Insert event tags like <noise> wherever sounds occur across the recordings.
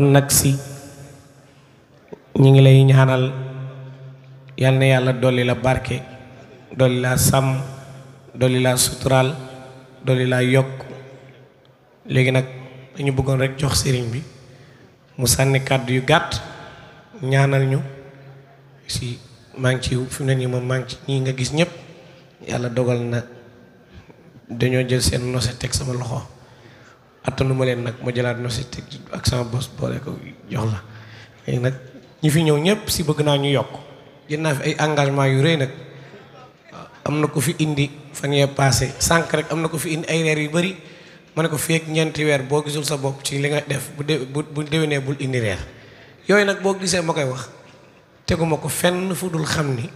kon nak si ñi ngi lay ñaanal yalla yalla doli la barke dolila la sam doli la sutural doli la yok légui nak dañu bëggon rek jox sëriñ bi mu sanni kaddu yu gatt ñaanal ñu si mang ci fi ne nii moom mang ci ñi nga gis ñep yalla dogal na dañu jël sen nosé tek sama loxo attanu ma leen nag ma jëlaat tik, ak sama bos boole ko jox la léegi nag ñi fi ñëw ñëpp si bëgg naa ñu yokk jël naa fi ay engagement yu rëy nag am ko fi indi fan yee passé sànq rek am na ko fi indi ay reer yu bëri ma ne ko fii ak ñeenti weer boo gisul sa bopp ci li nga def bu dee bu déwénee bul indi reer yooyu nag boo gisee ma koy wax teguma ko fenn fu dul xam ni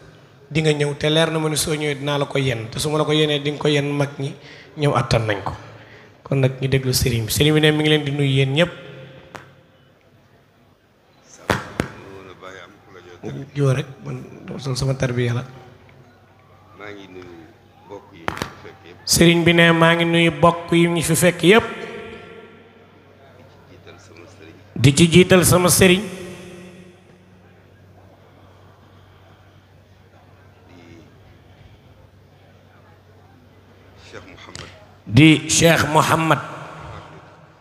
di nga ñëw te leer na ma ni soo ñëwee la ko yenn te su ma ko yenee di nga ko yenn mag ñi ñëw attan nañ ko kon nag ñu déglu sëriñ bi sëriñ ne mi ngi leen di nuyu yéen ñëpp joo rek man sol sama tarbiya la sëriñ bi ne maa ngi nuyu bokk yi sama di cheikh Mouhamad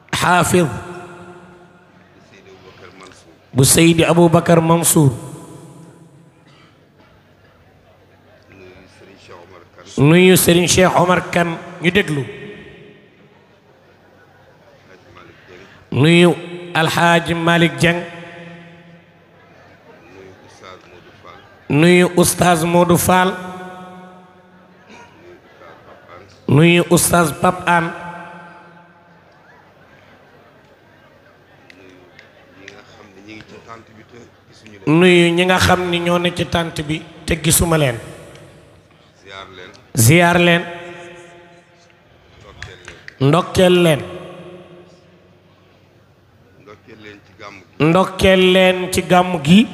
Xaafid bu Seydi Aboubacar Mansour nuyu Serigne Cheikh Omar Kan ñu déglu nuyu Alxaaji Malick Dieng nuyu Oustaz Modou nuyu oustaz Pape Hann nuyu ñi nga xam ni ñoo ne ci tànt bi te gisuma leen ziyaar leen ndokkeel leen ndokkeel leen ci gàmm gi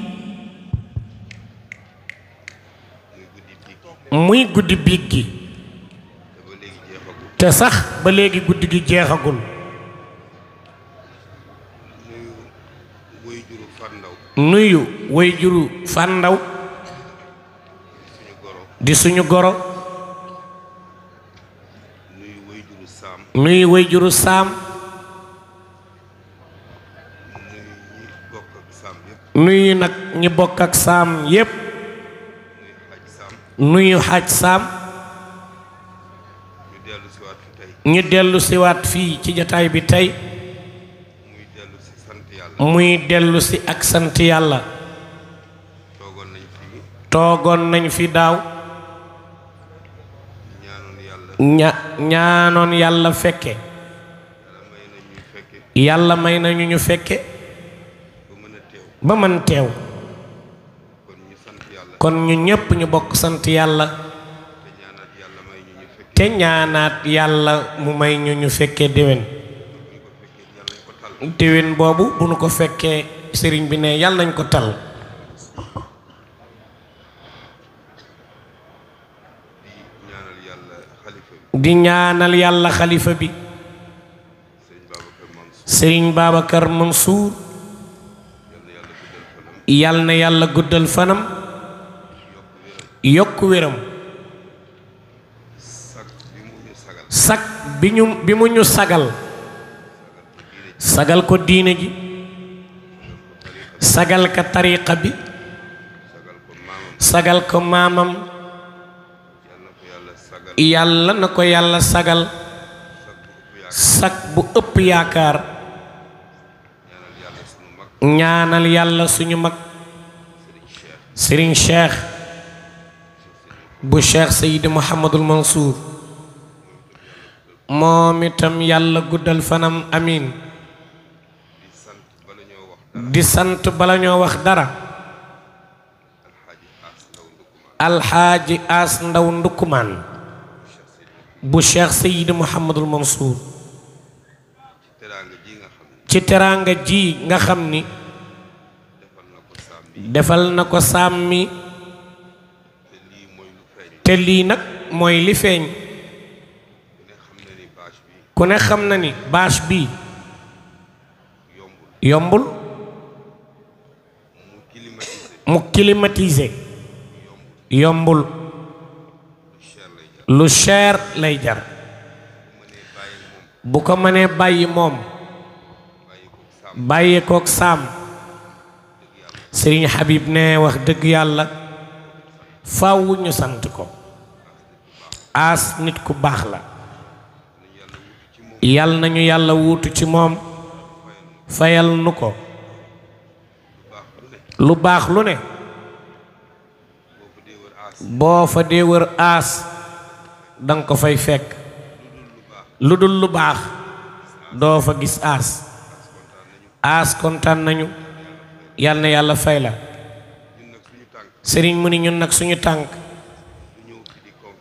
muy guddi biig gi te sax ba léegi guddi gi jeexagul nuyu way juru fàndaw di suñu goro nuyu way juru saam nuyu nag ñi bokk ak saam yépp nuyu xaaj saam ñu dellu siwaat fii ci jataay bi tey muy dellusi ak sant yàlla toogoon nañu fi daaw ña ñaanoon yàlla fekke yàlla may nañu ñu fekke ba mën teew kon ñu ñépp ñu bokk sant yàlla te ñaanaat yàlla mu may ñu ñu fekkee déwén déwén boobu bu nu ko fekkee sëriñ bi ne yàlla nañ ko tal di ñaanal yàlla xalifa bi sëriñ Babacar Mansour yàlla na yàlla guddal fanam yokk wéram bi mu ñu sagal sagal ko diine ji sagal ka tariqa bi sagal ko maamam yàlla na ko yàlla sagal sag bu ëpp yaakaar ñaanal yàlla suñu mag Serigne Cheikh bu Cheikh Seydi Mouhamadul Mansour moom itam yàlla guddal fanam amiin di sant bala ñoo wax dara alxaaji aas ndaw ndukkumaan bu cheikh sayid muhammadul mansour ci teraanga ji nga xam ni defal na ko sàmmi te lii nag mooy li feeñ ku ne xam na ni bâche bii yombul mu kilimatise yombul lu cher lay jar bu ko mënee bàyyi moom bàyyi kook saam sëriñ Habib ne wax dëgg yàlla fawuñu sant ko aas nit ku baax la yal nañu yalla wootu ci mom fayal nuko lu bax lu ne bo fa de wër as dang ko fay fek ludul lu bax do fa gis as as kontan nañu yalla yalla fay la sëriñ mu ni ñun nak suñu tank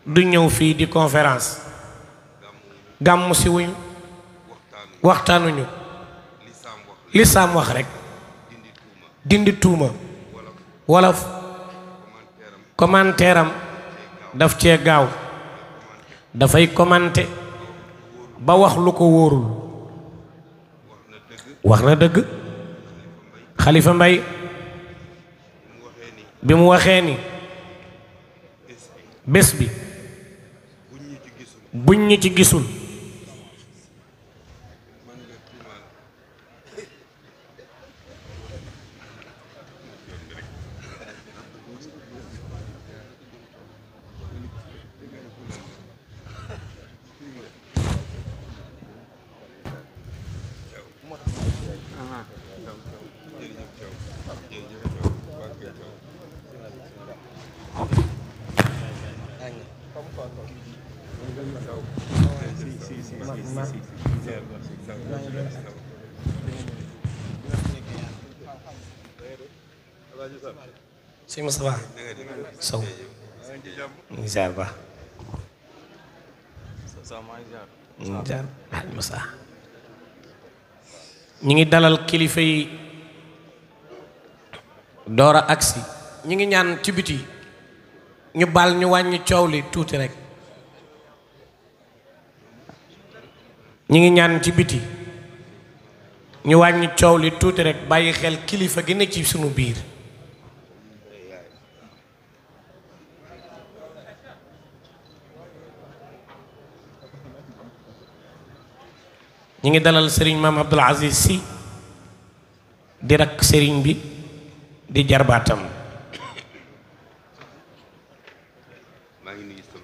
du ñew fi di conférence gam si wuñu waxtaanuñu li wax rek dindi tuuma wolof commentaire am daf cee gaaw dafay commenté ba wax lu ko wóorul wax na dëgg xalifa mbay bi mu waxee ni bés bi buñ ñu ci gisul sëñ Moustapha Sow mu ngi ziar ba mu ngi ziar Moussa ñu ngi dalal kilifa yi door a agsi ñu ngi ñaan ci biti ñu baal ñu wàññi coow li tuuti rek ñu ngi ñaan ci biti ñu wàññi coow li tuuti rekk bàyyi xel kilifa gi ne ci sunu biir ñu ngi dalal sëriñ maam Abdul Aziz si di rakk sëriñ bi di jarbaatam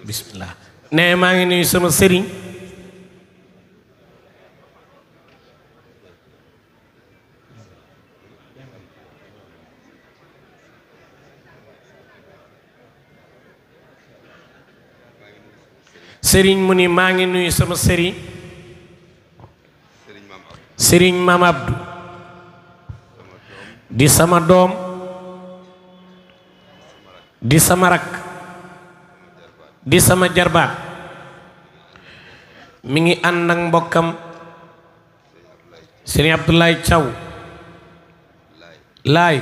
bismillah nee maa ngi nuyu sama sëriñ sëriñ mu ni maa ngi nuyu sama sëriñ sëriñ Maam Abdu di sama doom di sama rak di sama jarbaat mi ngi ànd ak mbokkam sëriñ Abdoulaye Thiaw laay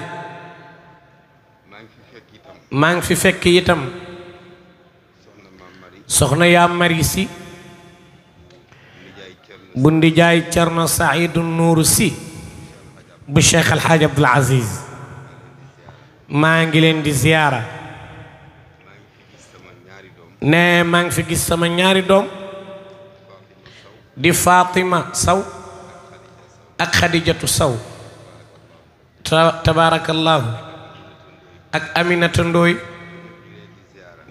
maa ngi fi fekk itam soxna yaa mari si bu ndijaay cerno saidu nuuru si bu cheikh alxaaj abdul aziz maa ngi leen di ziyaara ne maa ngi fi gis sama ñaari doom di fatima saw ak xadijatu saw tabaarakallaahu ak aminata ndooy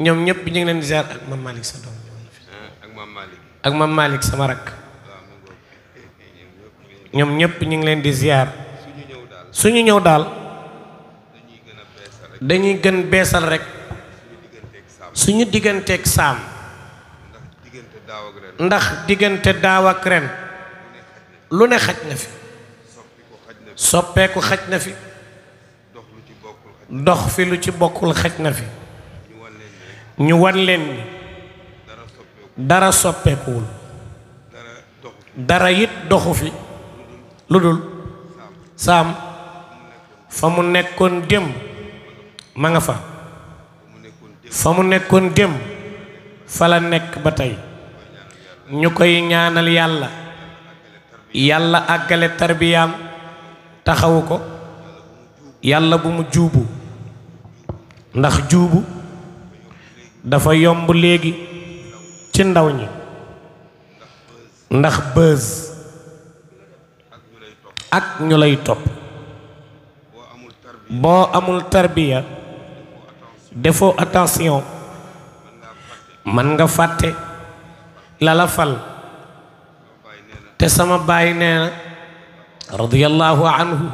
ñoom ñëpp ñu ngi leen di ziar ak maam Malick sa doom ah, ak maam Malick sama rakk ah, ñoom ñëpp ñu ngi leen di ziar suñu ñëw daal dañuy gën beesal rek suñu digganteek saam ndax diggante daaw ak ren lu ne xaj na fi soppeeku xaj na fi dox fi lu ci bokkul xaj na fi ñu wan leen ni dara soppeekuwul dara it doxu fi lu dul saam fa mu nekkoon démb ma nga fa fa mu nekkoon démb fa la nekk ba tey ñu koy ñaanal yàlla yàlla àggale tarbiyaam taxawu ko yàlla bu mu juubu ndax juubu dafa yomb léegi ci ndaw ñi ndax bës ak ñu lay topp boo amul tarbiya defoo attention mën nga fàtte lala fal te sama baay nee na radiyallahu anhu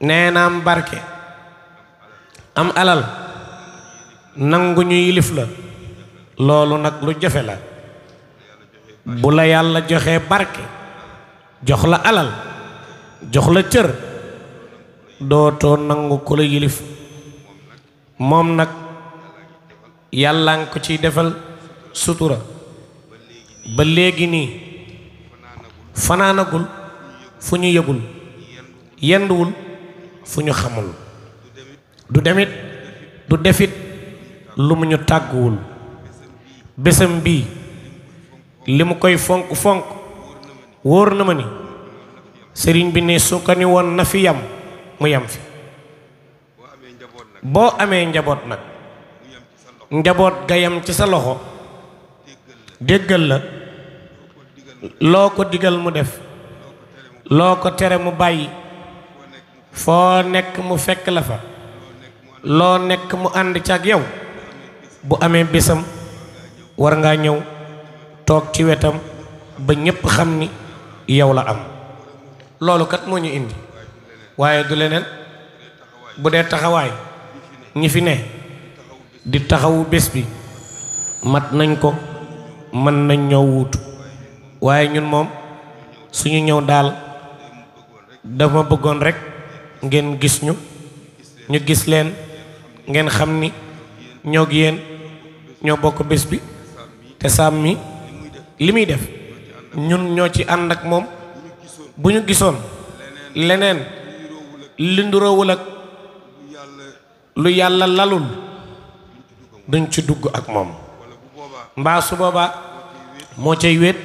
nee na am barke am alal nangu ñu yilif la loolu nag lu jofe la bu la yàlla joxee barke jox la alal jox la cër dootoo nangu ku la yilif moom nag yàlla nga ko ciy defal sutura ba léegi nii fanaanagul fu ñu yëgul yenduwul fu ñu xamul du demit du defit lumu ñu tàgguwul besam bi limu koy fonk fonk wor na ma ni sëriñ bi ne su ko na fi yam mu yam fi bo amé njabot nak njabot ga yam ci sa loxo deggal la loko digal mu def loko téré mu bayyi fo nek mu fekk la fa lo nek mu and ci ak yow bu amé bisam war nga ñew tok ci wétam ba ñepp xam ni yow la am lolu kat moo indi waye du leneen bu dé taxaway ñi fi né di taxawu bés bi mat nañ ko man nañ ñoo wut waye ñun mom suñu ñew dal dafa bëggoon rek ngeen gis ñu ñu gis leen ngeen xamni yeen ñoo bokk bés bi te saam mi li muy def ñun ñoo ci ànd ak moom bu ñu gisoon leneen li nduroowul ak lu yàlla lalul duñ ci dugg ak moom mbaa su boobaa moo cay wéet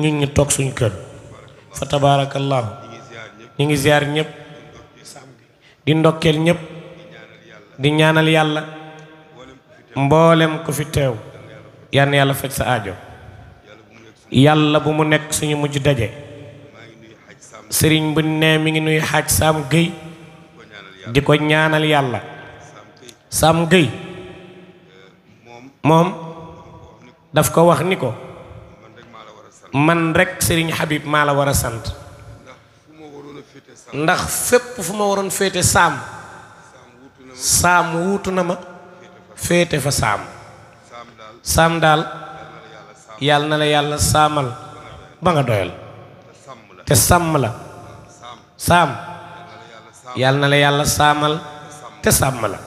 ñun ñu toog suñu kër fa tabaarakallaahu ñu ngi ziar ñëpp di ndokkeel ñëpp di ñaanal yàlla mbollem ko fi tew yan yalla fecc sa aajo yalla bu mu nek suñu mujj dajje serigne bu ne mi ngi nuy sam geey di ñaanal yalla Sam geey Mom. daf ko wax niko man rek serigne Habib mala wara sant ndax fepp fuma waron fete sam sam wutuna ma féete fa saam saam daal yàlla na la yàlla saamal ba nga doyal te sàmm la saam yàlla na la yàlla saamal te sàmm la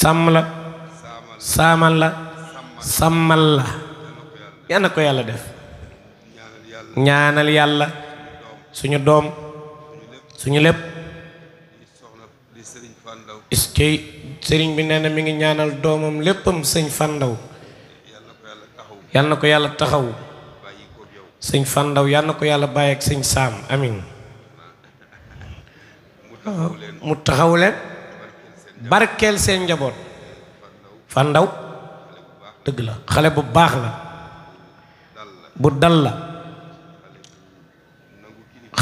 sàmm la saamal la sàmmal la yal ko yàlla def ñaanal yàlla suñu doom suñu lépp is cey sering bi neena mi ngi ñaanal domam leppam sëñ fandaw yalla na ko yalla taxaw sing fandaw yalla ko yalla baye ak sëñ sam amin mu taxaw len barkel seen njabot fandaw deug la xale bu bax la bu dal la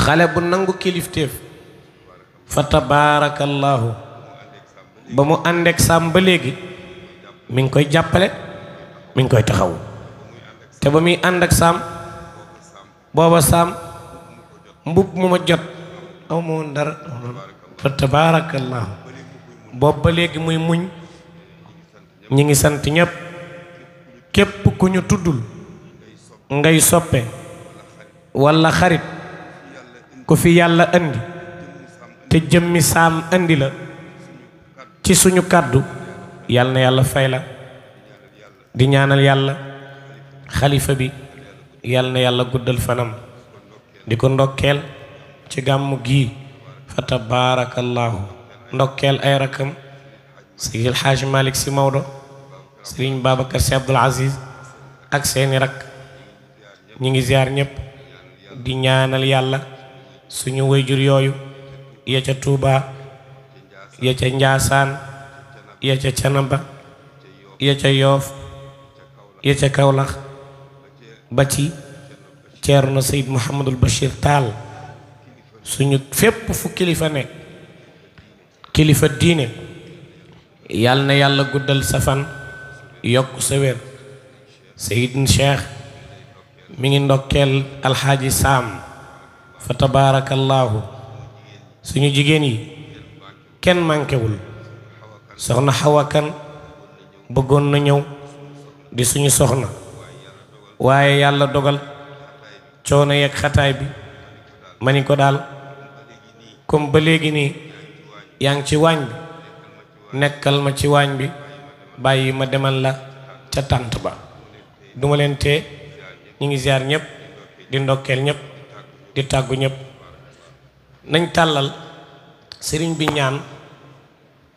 xale bu nangu kiliftef fa ba mu ak sàmm ba léegi mi ngi koy jàppale mi ngi koy taxaw te ba muy ànd ak sàmm booba sàmm mbub mu ma jot aw ma woon dara fa tabaarakallaahu boobu ba léegi muy muñ ñi ngi sant képp ku ñu tuddul ngay soppe wala xarit ku fi yàlla andi te jëmmi saam andi la ci suñu kàddu yàlla na yàlla fay la di ñaanal yàlla xalifa bi yàlla na yàlla guddal fanam di ko ndokkeel ci gàmmu gi fa tabaarakallaahu ndokkeel ay rakkam sëriñ Alxaaji Malick si Maodo sëriñ Babacar si Abdul Aziz ak seeni rak ñi ngi ziar ñëpp di ñaanal yàlla suñu wayjur yooyu ya ca Tuubaa ya ca njaasaan ya ca canaba ya ca yoof ya ca kawlax ba ci ceerno Seyd Mouhamadul Bachir Taal suñu fépp fu kilifa nekk kilifa diine yàlla na yàlla guddal safan fan yokk sa wér Seydina Cheikh mi ngi ndokkeel alxaaji Saam fa tabaarakallaahu suñu jigéen yi kenn mànkewul soxna xawakan bëggoon na ñëw di suñu soxna waaye yàlla dogal coono yeeg xataay bi ma ni ko daal comme ba léegi nii yaa ngi ci waañ bi nekkal ma ci waañ bi bàyyi ma demal la ca tànt ba duma leen tee ñi ngi ziar ñépp di ndokkeel ñépp di tàggu ñëpp nañ tàllal sëriñ bi ñaan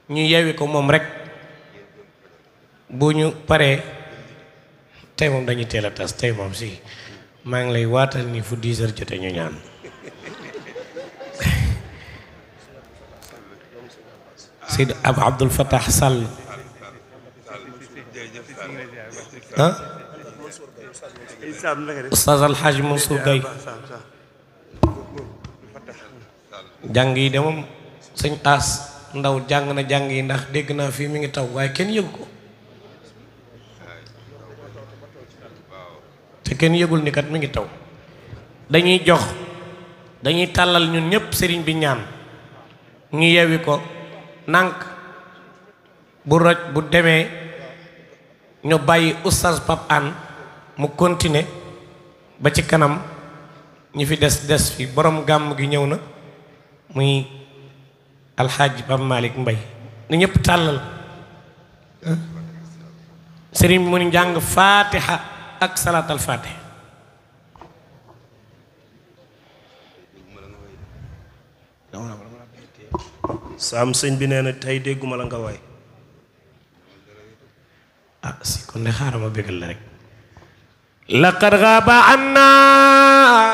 ñu yewi ko moom rek boo ñu paree tey moom dañuy teel a tas tey moom si maa ngi lay waatal nii fu 10 heures jote ñu ñaan <laughs> Seyd ab Abdul Fattah Sall ah Oustaz Alxaaj Mansour Gaye jàng yi de moom sëñ As ndaw jàng na jàng yi ndax dégg naa fii mi ngi taw waaye kenn yëgu ko te kenn yëgul ni kat mi ngi taw dañuy jox dañuy tàllal ñun ñëpp sëriñ bi ñaan ñu yewi ko nànk bu roj bu demee ñu bàyyi oustaz Pape mu continuer ba ci kanam ñi fi des des fi borom gàmm gi ñëw na muy alxaaj Pape Malick Mbaye na ñëpp tàllal sëriñ mu ni jàng fatiha ak salaat al fatiha saam sëñ bi nee na tey la nga waay ah si kon de xaaral ma la rek laqad xaaba annaa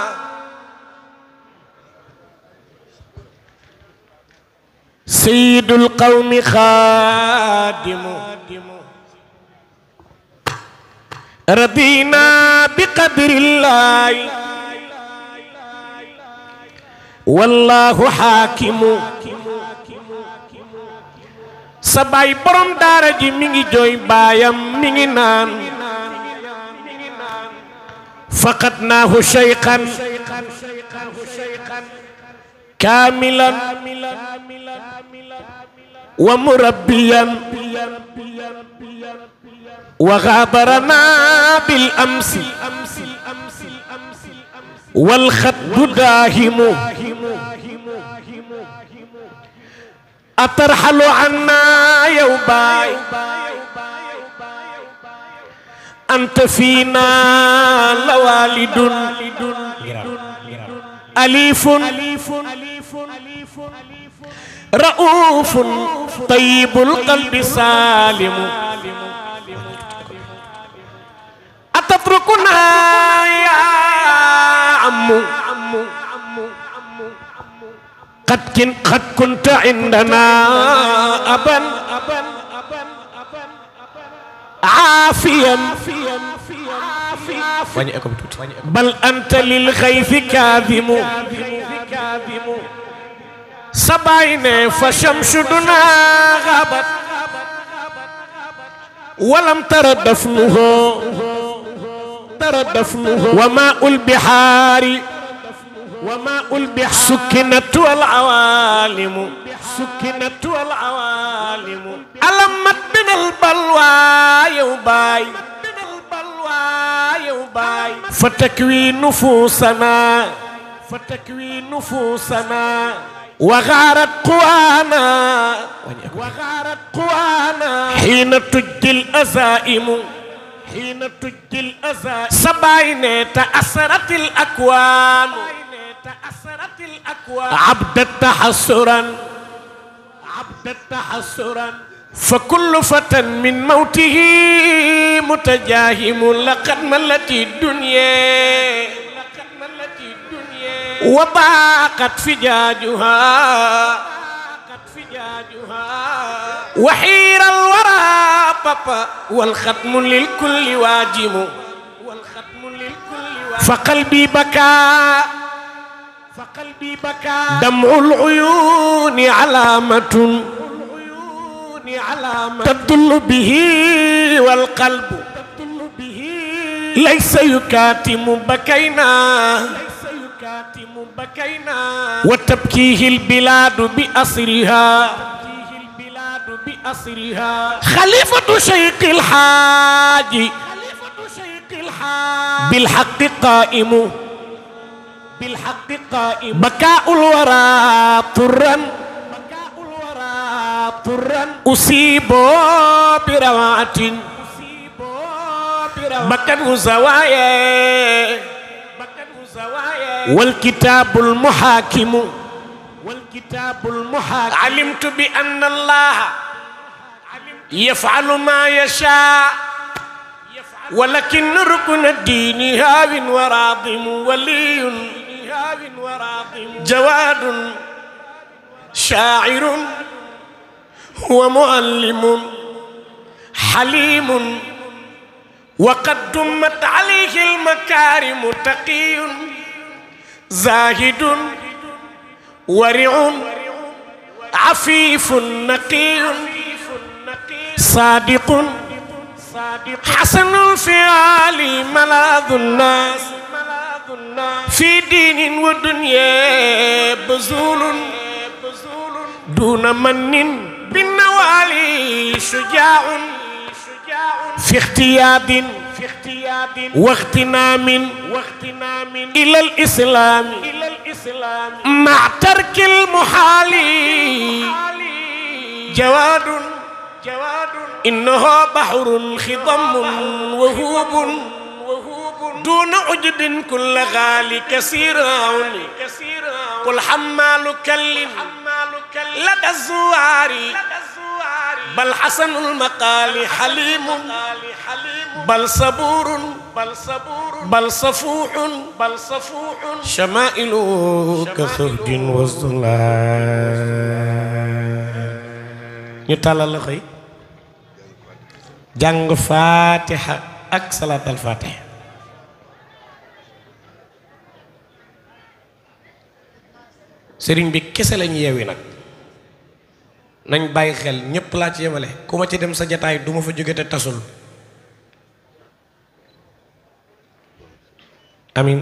سيد القوم خادم رضينا بقدر الله والله حاكم سباي بروم دارجي ميغي جوي بايام ميغي نان فقدناه شيخا كاملا, كاملاً, كاملاً ومربيا وغابرنا بالأمس والخد داهم أترحل عنا يوباي أنت فينا لوالد أليف رؤوف طيب القلب سالم أتتركنا يا عم قد قد كنت عندنا أبا عافيا بل أنت للغيث كاذم سبعين فشم شدنا غابت ولم تر دفنه تر دفنه وماء البحار وماء البحار سكنت والعوالم سكنت والعوالم ألمت من البلوى باي فتكوي نفوسنا فتكوي نفوسنا وغارت قوانا وغارت قوانا حين تجي الأزائم حين تجي الأزائم سبعين تأثرت الأكوان تأثرت الأكوان عبد تحسرا عبدا تحسرا فكل فتى من موته متجاهم لقد ملت الدنيا وضاقت فجاجها وحير الورى بابا والختم للكل واجب فقلبي بكى فقلبي بكى دمع العيون علامة تدل به والقلب ليس يكاتم بكينا وتبكيه البلاد بأسرها خليفة شيخ الحاج بالحق قائم بالحق قائم بكاء الورى طرا أصيب بروعة بكته زوايا والكتاب المحاكم والكتاب المحاكم علمت بأن الله يفعل ما يشاء ولكن ركن الدين هاب وراضم ولي جواد شاعر ومعلم حليم وقد دمت عليه المكارم تقي زاهد ورع عفيف نقي صادق حسن الفعال ملاذ الناس في دين ودنيا بزول دون من بالنوالي شجاع في اغتياب واغتنام إلى الإسلام مع ترك المحال جواد إنه بحر خضم وهوب دون عجد كل غالي كثير قل حمال كل لدى الزواري بل حسن المقال حليم بل صبور بل صبور بل صفوح بل صفوح شمائل كثرج وزلال يطال لخي جنگ فاتحة أك صلاة الفاتحة سرين بكسل يوينك nañ bàyyi xel ñépp laa ci yemale ku ci dem sa jataay du ma fa jóge te tasul amin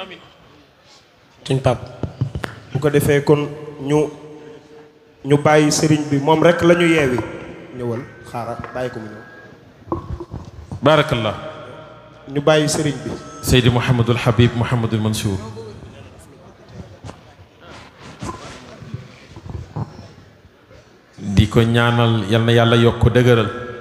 amin suñ pap bu ko defee kon ñu ñu bàyyi sëriñ bi moom rek la ñu yeewi ñëwal xaaral bàyyi ko mu ñëw barakallah ñu bàyyi sëriñ bi seydi mouhamadul habib mouhamadul mansour di ko ñaanal yal na yàlla yokk ko dëgëral